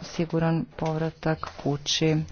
siguran povratak kući.